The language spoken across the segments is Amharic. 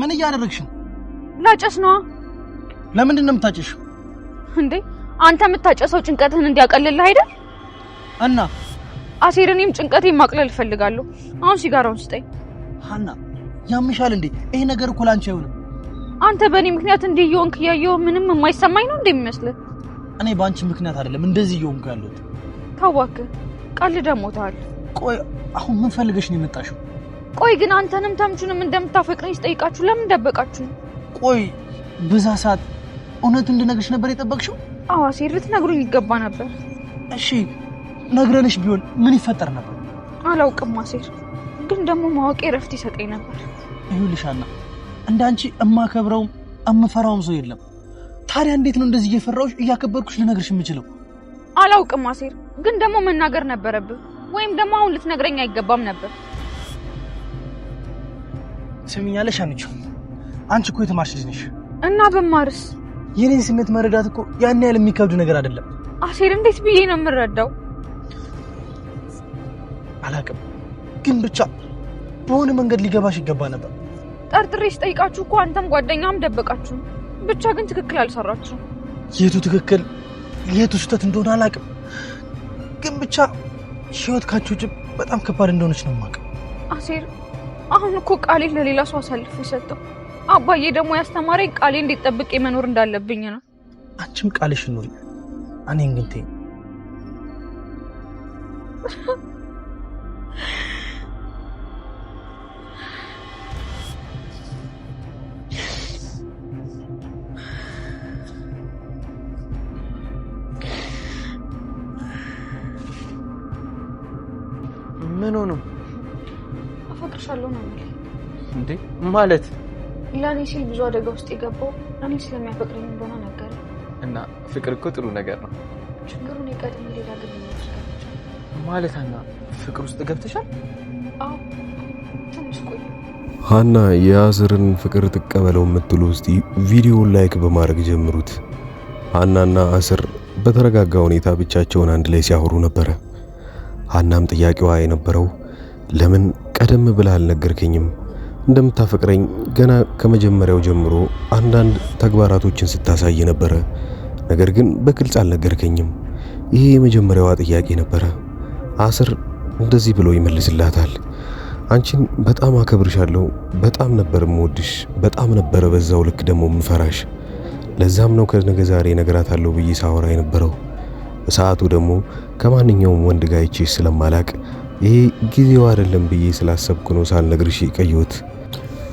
ምን እያደረግሽ ነው? ላጨስ ነዋ። ለምንድን ነው የምታጨሽው? እንዴ አንተ የምታጨሰው ጭንቀትህን እንዲያቀልልህ አይደል? እና አሴር፣ እኔም ጭንቀቴን ማቅለል እፈልጋለሁ። አሁን ሲጋራውን ስጠኝ። ሀና ያምሻል እንዴ? ይሄ ነገር እኮ ላንቺ አይሆንም። አንተ በእኔ ምክንያት እንዲህ እየሆንክ እያየሁ ምንም የማይሰማኝ ነው እንደሚመስልህ። እኔ በአንቺ ምክንያት አይደለም እንደዚህ እየሆንኩ ያለሁት። ታዋክ ቃል ደሞታል። ቆይ አሁን ምን ፈልገሽ ነው የመጣሽው? ቆይ ግን አንተንም ተምቹንም እንደምታፈቅረኝ ስጠይቃችሁ ለምን ደበቃችሁ? ቆይ በዛ ሰዓት እውነቱን እንድነግርሽ ነበር የጠበቅሽው? አዎ አሴር፣ ልትነግሩኝ ይገባ ነበር። እሺ ነግረንሽ ቢሆን ምን ይፈጠር ነበር? አላውቅም አሴር፣ ግን ደግሞ ማወቅ እረፍት ይሰጠኝ ነበር። ይኸውልሻና እንዳንቺ እማከብረውም እምፈራውም ሰው የለም። ታዲያ እንዴት ነው እንደዚህ እየፈራሁሽ እያከበርኩሽ ልነግርሽ የምችለው? አላውቅም አሴር፣ ግን ደግሞ መናገር ነበረብህ ወይም ደግሞ አሁን ልትነግረኝ አይገባም ነበር። ስሚኛለሽ አንቺ አንቺ እኮ የተማርሽ ልጅ ነሽ እና በማርስ የኔን ስሜት መረዳት እኮ ያን ያህል የሚከብድ ነገር አይደለም። አሴር እንዴት ብዬ ነው የምረዳው? አላቅም ግን ብቻ በሆነ መንገድ ሊገባሽ ይገባ ነበር። ጠርጥሬ ስጠይቃችሁ እኮ አንተም ጓደኛም ደበቃችሁ። ብቻ ግን ትክክል አልሰራችሁ። የቱ ትክክል የቱ ስህተት እንደሆነ አላቅም ግን ብቻ ህይወት ካንቺ ውጭ በጣም ከባድ እንደሆነች ነው የማውቀው አሴር አሁን እኮ ቃሌን ለሌላ ሰው አሳልፎ የሰጠው አባዬ ደግሞ ያስተማረኝ ቃሌ እንዴት ጠብቄ መኖር እንዳለብኝ ነው። አንቺም ቃልሽ ኑሪ። እኔን ግን ተይኝ። ምን ሆነው አጠፋሻለሁ ነው የሚል። እንዴ ማለት ለእኔ ሲል ብዙ አደጋ ውስጥ የገባው እኔ ስለሚያፈቅረኝ እንደሆነ ነገር እና ፍቅር እኮ ጥሩ ነገር ነው። ችግሩን የቀድሞ ሌላ ግንኙነት ማለት ሀና ፍቅር ውስጥ ገብተሻል? አዎ ትንሽ ቆይ ሀና የአስርን ፍቅር ትቀበለው የምትሉ ውስጥ ቪዲዮውን ላይክ በማድረግ ጀምሩት። ሀናና አስር በተረጋጋ ሁኔታ ብቻቸውን አንድ ላይ ሲያወሩ ነበረ። ሀናም ጥያቄዋ የነበረው ለምን ቀደም ብለህ አልነገርከኝም። እንደምታፈቅረኝ ገና ከመጀመሪያው ጀምሮ አንዳንድ ተግባራቶችን ስታሳይ ነበረ፣ ነገር ግን በግልጽ አልነገርከኝም። ይሄ የመጀመሪያዋ ጥያቄ ነበረ። አስር እንደዚህ ብሎ ይመልስላታል። አንቺን በጣም አከብርሻለሁ፣ በጣም ነበር የምወድሽ፣ በጣም ነበረ በዛው ልክ ደግሞ ምፈራሽ። ለዛም ነው ከነገ ዛሬ እነግራታለሁ ብዬ ሳወራ የነበረው። በሰዓቱ ደግሞ ከማንኛውም ወንድ ጋር አይቼሽ ስለማላቅ ይሄ ጊዜው አይደለም ብዬ ስላሰብኩ ነው ሳልነግርሽ ቀየሁት።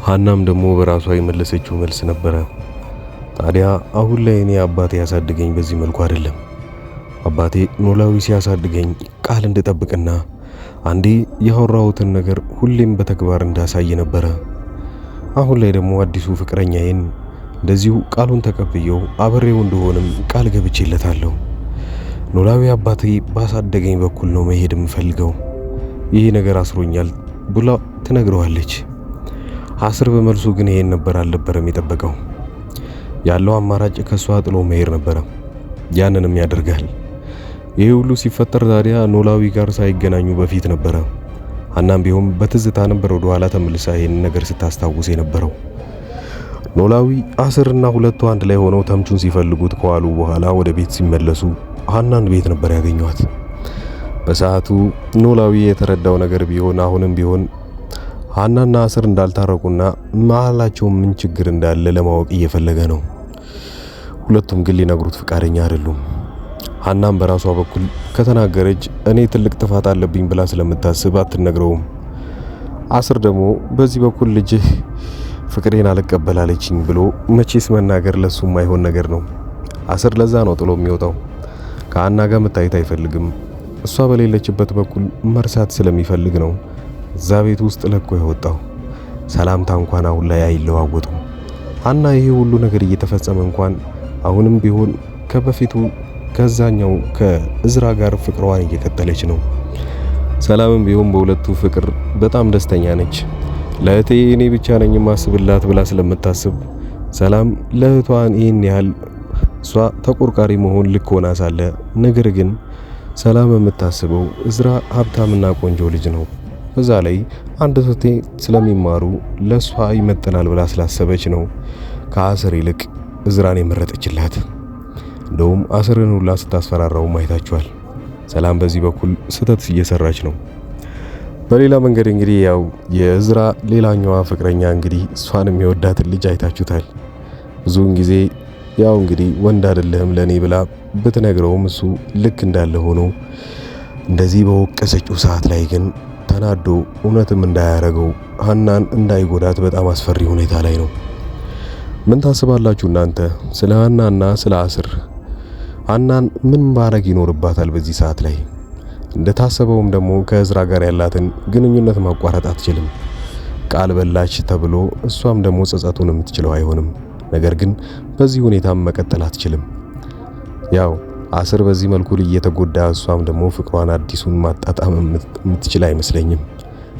ሀናም ደግሞ በራሷ የመለሰችው መልስ ነበረ። ታዲያ አሁን ላይ እኔ አባቴ ያሳድገኝ በዚህ መልኩ አይደለም። አባቴ ኖላዊ ሲያሳድገኝ ቃል እንድጠብቅና አንዴ ያወራሁትን ነገር ሁሌም በተግባር እንዳሳይ ነበረ። አሁን ላይ ደግሞ አዲሱ ፍቅረኛዬን እንደዚሁ ቃሉን ተቀብየው አብሬው እንደሆንም ቃል ገብቼለታለሁ። ኖላዊ አባቴ ባሳደገኝ በኩል ነው መሄድ የምፈልገው። ይሄ ነገር አስሮኛል ብላ ትነግረዋለች። አስር በመልሱ ግን ይሄን ነበር አልነበረም የጠበቀው። ያለው አማራጭ ከሷ ጥሎ መሄድ ነበረ። ያንንም ያደርጋል። ይህ ሁሉ ሲፈጠር ታዲያ ኖላዊ ጋር ሳይገናኙ በፊት ነበረ። አናም ቢሆን በትዝታ ነበር ወደ ኋላ ተመልሳ ይህን ነገር ስታስታውስ የነበረው። ኖላዊ አስርና ሁለቱ አንድ ላይ ሆነው ተምቹን ሲፈልጉት ከዋሉ በኋላ ወደ ቤት ሲመለሱ ሀናን ቤት ነበር ያገኟት። በሰዓቱ ኖላዊ የተረዳው ነገር ቢሆን አሁንም ቢሆን ሀናና አስር እንዳልታረቁና መሀላቸው ምን ችግር እንዳለ ለማወቅ እየፈለገ ነው። ሁለቱም ግን ሊነግሩት ፈቃደኛ አይደሉም። ሀናም በራሷ በኩል ከተናገረች እኔ ትልቅ ጥፋት አለብኝ ብላ ስለምታስብ አትነግረውም። አስር ደግሞ በዚህ በኩል ልጅህ ፍቅሬን አልቀበላለችኝ ብሎ መቼስ መናገር ለሱ የማይሆን ነገር ነው። አስር ለዛ ነው ጥሎ የሚወጣው። ከሀና ጋር መታየት አይፈልግም። እሷ በሌለችበት በኩል መርሳት ስለሚፈልግ ነው እዛ ቤት ውስጥ ለቆ የወጣው። ሰላምታ እንኳን አሁን ላይ አይለዋወጡ አና ይሄ ሁሉ ነገር እየተፈጸመ እንኳን አሁንም ቢሆን ከበፊቱ ከዛኛው ከእዝራ ጋር ፍቅሯን እየቀጠለች ነው። ሰላምም ቢሆን በሁለቱ ፍቅር በጣም ደስተኛ ነች። ለእህቴ እኔ ብቻ ነኝ ማስብላት ብላ ስለምታስብ ሰላም ለእህቷን ይህን ያህል እሷ ተቆርቋሪ መሆን ልክ ሆና ሳለ ነገር ግን ሰላም የምታስበው እዝራ ሀብታምና ቆንጆ ልጅ ነው። በዛ ላይ አንድ ቶቴ ስለሚማሩ ለእሷ ይመጠናል ብላ ስላሰበች ነው ከአስር ይልቅ እዝራን የመረጠችላት። እንደውም አስርን ሁላ ስታስፈራራው ማየታችኋል። ሰላም በዚህ በኩል ስህተት እየሰራች ነው። በሌላ መንገድ እንግዲህ ያው የእዝራ ሌላኛዋ ፍቅረኛ እንግዲህ እሷን የሚወዳትን ልጅ አይታችሁታል። ብዙውን ጊዜ ያው እንግዲህ ወንድ አይደለህም ለኔ ብላ ብትነግረውም እሱ ልክ እንዳለ ሆኖ እንደዚህ በወቀሰችው ሰዓት ላይ ግን ተናዶ እውነትም እንዳያረገው ሀናን እንዳይጎዳት በጣም አስፈሪ ሁኔታ ላይ ነው። ምን ታስባላችሁ እናንተ ስለ ሀናና ስለ አስር? ሀናን ምን ማድረግ ይኖርባታል በዚህ ሰዓት ላይ? እንደታሰበውም ደግሞ ከእዝራ ጋር ያላትን ግንኙነት ማቋረጥ አትችልም። ቃል በላች ተብሎ እሷም ደግሞ ጸጸቱን የምትችለው አይሆንም። ነገር ግን በዚህ ሁኔታም መቀጠል አትችልም። ያው አስር በዚህ መልኩ እየተጎዳ እሷም ደግሞ ፍቅሯን አዲሱን ማጣጣም የምትችል አይመስለኝም።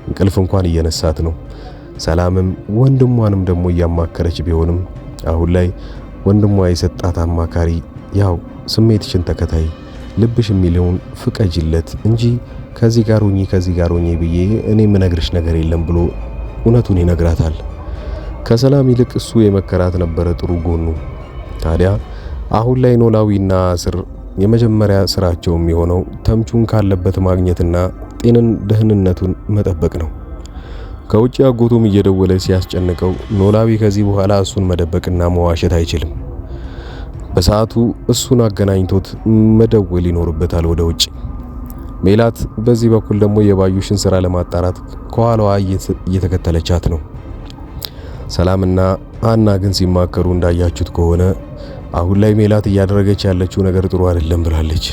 እንቅልፍ እንኳን እየነሳት ነው። ሰላምም ወንድሟንም ደግሞ እያማከረች ቢሆንም አሁን ላይ ወንድሟ የሰጣት አማካሪ ያው ስሜትሽን ተከታይ ልብሽ የሚለውን ፍቀጅለት እንጂ ከዚህ ጋር ሆኜ ከዚህ ጋር ሆኜ ብዬ እኔ የምነግርሽ ነገር የለም ብሎ እውነቱን ይነግራታል። ከሰላም ይልቅ እሱ የመከራት ነበረ ጥሩ ጎኑ። ታዲያ አሁን ላይ ኖላዊና አስር የመጀመሪያ ስራቸው የሚሆነው ተምቹን ካለበት ማግኘትና ጤንን ደህንነቱን መጠበቅ ነው። ከውጭ አጎቱም እየደወለ ሲያስጨንቀው ኖላዊ ከዚህ በኋላ እሱን መደበቅና መዋሸት አይችልም። በሰዓቱ እሱን አገናኝቶት መደወል ይኖርበታል ወደ ውጭ። ሜላት በዚህ በኩል ደግሞ የባዩሽን ስራ ለማጣራት ከኋላዋ እየተከተለቻት ነው። ሰላምና አና ግን ሲማከሩ እንዳያችሁት ከሆነ አሁን ላይ ሜላት እያደረገች ያለችው ነገር ጥሩ አይደለም ብላለች።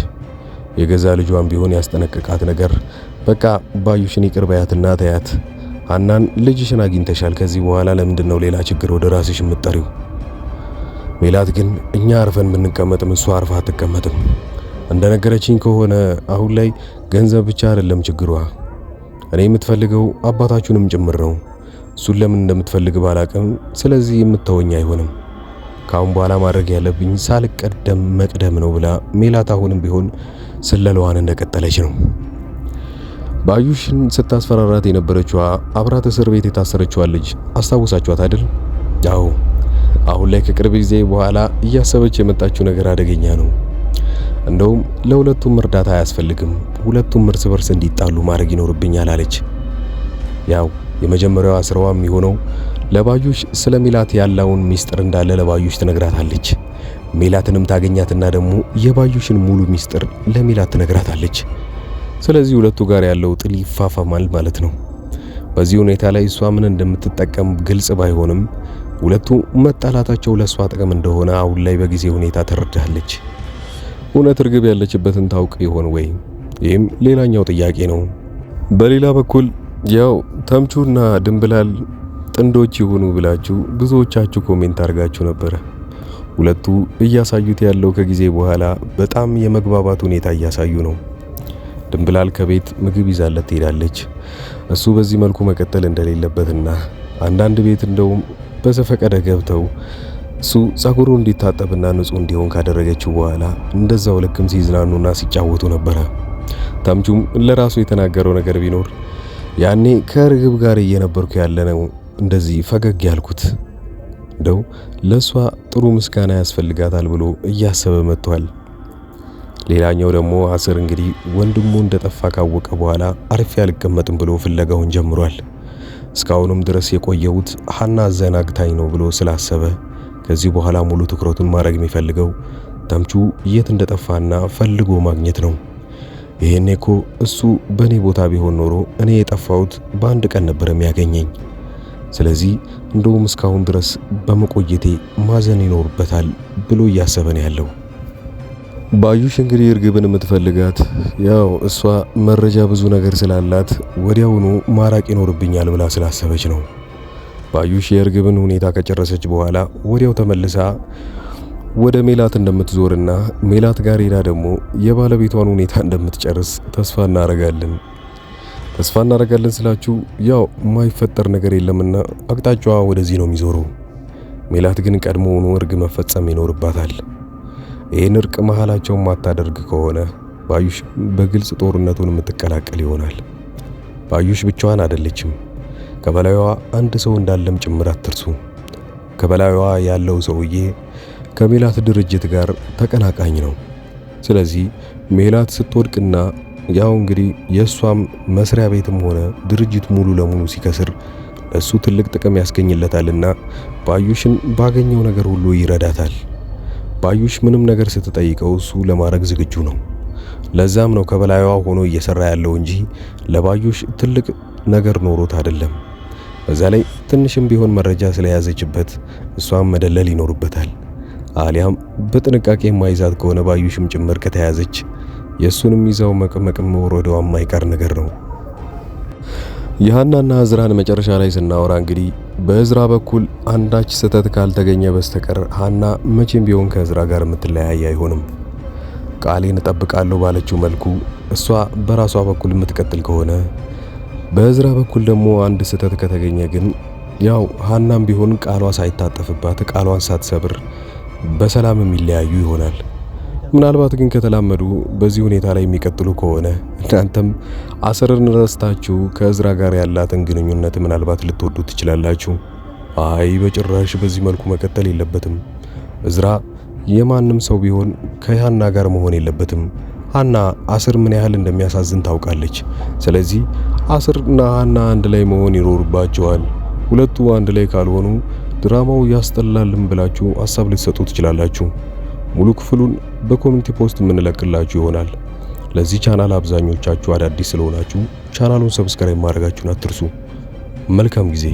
የገዛ ልጇን ቢሆን ያስጠነቅቃት ነገር በቃ ባዩሽን ይቅር በያትና ተያት። አናን ልጅሽን አግኝተሻል፣ ከዚህ በኋላ ለምንድን ነው ሌላ ችግር ወደ ራስሽ የምትጠሪው? ሜላት ግን እኛ አርፈን ብንቀመጥም እሷ አርፋ አትቀመጥም። እንደነገረችኝ ከሆነ አሁን ላይ ገንዘብ ብቻ አይደለም ችግሯ፣ እኔ የምትፈልገው አባታችሁንም ጭምር ነው። እሱን ለምን እንደምትፈልግ ባላቅም፣ ስለዚህ የምታወኝ አይሆንም ካሁን በኋላ ማድረግ ያለብኝ ሳልቀደም መቅደም ነው ብላ ሜላት አሁንም ቢሆን ስለለዋን እንደቀጠለች ነው። ባዩሽን ስታስፈራራት የነበረችዋ አብራት እስር ቤት የታሰረችዋ ልጅ አስታውሳችኋት አይደል? አዎ። አሁን ላይ ከቅርብ ጊዜ በኋላ እያሰበች የመጣችው ነገር አደገኛ ነው። እንደውም ለሁለቱም እርዳታ አያስፈልግም፣ ሁለቱም እርስ በርስ እንዲጣሉ ማድረግ ይኖርብኛል አለች። ያው የመጀመሪያዋ ስራዋ የሚሆነው ለባዩሽ ስለ ሚላት ያለውን ሚስጥር እንዳለ ለባዩሽ ትነግራታለች። ሚላትንም ታገኛትና ደግሞ የባዩሽን ሙሉ ሚስጥር ለሚላት ትነግራታለች። ስለዚህ ሁለቱ ጋር ያለው ጥል ይፋፋማል ማለት ነው። በዚህ ሁኔታ ላይ እሷ ምን እንደምትጠቀም ግልጽ ባይሆንም ሁለቱ መጣላታቸው ለእሷ ጥቅም እንደሆነ አሁን ላይ በጊዜ ሁኔታ ተረዳለች። እውነት እርግብ ያለችበትን ታውቅ ይሆን ወይ? ይህም ሌላኛው ጥያቄ ነው። በሌላ በኩል ያው ተምቹና ድንብላል ጥንዶች ይሁኑ ብላችሁ ብዙዎቻችሁ ኮሜንት አድርጋችሁ ነበረ። ሁለቱ እያሳዩት ያለው ከጊዜ በኋላ በጣም የመግባባት ሁኔታ እያሳዩ ነው። ድንብላል ከቤት ምግብ ይዛለት ትሄዳለች። እሱ በዚህ መልኩ መቀጠል እንደሌለበትና አንዳንድ ቤት እንደውም በዘፈቀደ ገብተው እሱ ጸጉሩ እንዲታጠብና ንጹህ እንዲሆን ካደረገችው በኋላ እንደዛው ልክም ሲዝናኑና ሲጫወቱ ነበረ። ተምቹም ለራሱ የተናገረው ነገር ቢኖር ያኔ ከርግብ ጋር እየነበርኩ ያለ ነው እንደዚህ ፈገግ ያልኩት። እንደው ለእሷ ጥሩ ምስጋና ያስፈልጋታል ብሎ እያሰበ መጥቷል። ሌላኛው ደግሞ አስር እንግዲህ ወንድሙ እንደጠፋ ካወቀ በኋላ አርፌ አልቀመጥም ብሎ ፍለጋውን ጀምሯል። እስካሁንም ድረስ የቆየሁት ሀና አዘናግታኝ ነው ብሎ ስላሰበ ከዚህ በኋላ ሙሉ ትኩረቱን ማድረግ የሚፈልገው ተምቹ የት እንደጠፋና ፈልጎ ማግኘት ነው። ይሄኔ እኮ እሱ በእኔ ቦታ ቢሆን ኖሮ እኔ የጠፋሁት በአንድ ቀን ነበር የሚያገኘኝ። ስለዚህ እንደውም እስካሁን ድረስ በመቆየቴ ማዘን ይኖርበታል ብሎ እያሰበን ያለው። ባዩሽ እንግዲህ እርግብን የምትፈልጋት ያው እሷ መረጃ ብዙ ነገር ስላላት ወዲያውኑ ማራቅ ይኖርብኛል ብላ ስላሰበች ነው። ባዩሽ የእርግብን ሁኔታ ከጨረሰች በኋላ ወዲያው ተመልሳ ወደ ሜላት እንደምትዞርና ሜላት ጋር ሄዳ ደግሞ የባለቤቷን ሁኔታ እንደምትጨርስ ተስፋ እናደርጋለን። ተስፋ እናደርጋለን ስላችሁ ያው የማይፈጠር ነገር የለምና አቅጣጫዋ ወደዚህ ነው የሚዞረው። ሜላት ግን ቀድሞውኑ እርቅ መፈጸም ይኖርባታል። ይህን እርቅ መሃላቸውን ማታደርግ ከሆነ ባዩሽ በግልጽ ጦርነቱን የምትቀላቀል ይሆናል። ባዩሽ ብቻዋን አይደለችም። ከበላዩዋ አንድ ሰው እንዳለም ጭምር አትርሱ። ከበላዩዋ ያለው ሰውዬ ከሜላት ድርጅት ጋር ተቀናቃኝ ነው። ስለዚህ ሜላት ስትወድቅና ያው እንግዲህ የእሷም መስሪያ ቤትም ሆነ ድርጅት ሙሉ ለሙሉ ሲከስር እሱ ትልቅ ጥቅም ያስገኝለታልና ባዩሽን ባገኘው ነገር ሁሉ ይረዳታል። ባዩሽ ምንም ነገር ስትጠይቀው እሱ ለማድረግ ዝግጁ ነው። ለዛም ነው ከበላይዋ ሆኖ እየሰራ ያለው እንጂ ለባዩሽ ትልቅ ነገር ኖሮት አይደለም። በዛ ላይ ትንሽም ቢሆን መረጃ ስለያዘችበት እሷም መደለል ይኖርበታል። አሊያም በጥንቃቄ የማይዛት ከሆነ ባዩሽም ጭምር ከተያዘች የእሱንም ይዛው መቅመቅም መውረዷ የማይቀር ነገር ነው። የሃናና እዝራን መጨረሻ ላይ ስናወራ እንግዲህ በእዝራ በኩል አንዳች ስህተት ካልተገኘ በስተቀር ሃና መቼም ቢሆን ከእዝራ ጋር የምትለያይ አይሆንም። ቃሌን እጠብቃለሁ ባለችው መልኩ እሷ በራሷ በኩል የምትቀጥል ከሆነ በእዝራ በኩል ደግሞ አንድ ስህተት ከተገኘ ግን ያው ሃናም ቢሆን ቃሏ ሳይታጠፍባት ቃሏን ሳትሰብር በሰላም የሚለያዩ ይሆናል። ምናልባት ግን ከተላመዱ በዚህ ሁኔታ ላይ የሚቀጥሉ ከሆነ እናንተም አስርን ረስታችሁ ከእዝራ ጋር ያላትን ግንኙነት ምናልባት ልትወዱ ትችላላችሁ። አይ በጭራሽ በዚህ መልኩ መቀጠል የለበትም። እዝራ የማንም ሰው ቢሆን ከሃና ጋር መሆን የለበትም። ሃና አስር ምን ያህል እንደሚያሳዝን ታውቃለች። ስለዚህ አስርና ሃና አንድ ላይ መሆን ይኖርባቸዋል። ሁለቱ አንድ ላይ ካልሆኑ ድራማው ያስጠላልም ብላችሁ ሀሳብ ልትሰጡ ትችላላችሁ። ሙሉ ክፍሉን በኮሚኒቲ ፖስት የምንለቅላችሁ ይሆናል። ለዚህ ቻናል አብዛኞቻችሁ አዳዲስ ስለሆናችሁ ቻናሉን ሰብስክራይብ ማድረጋችሁን አትርሱ። መልካም ጊዜ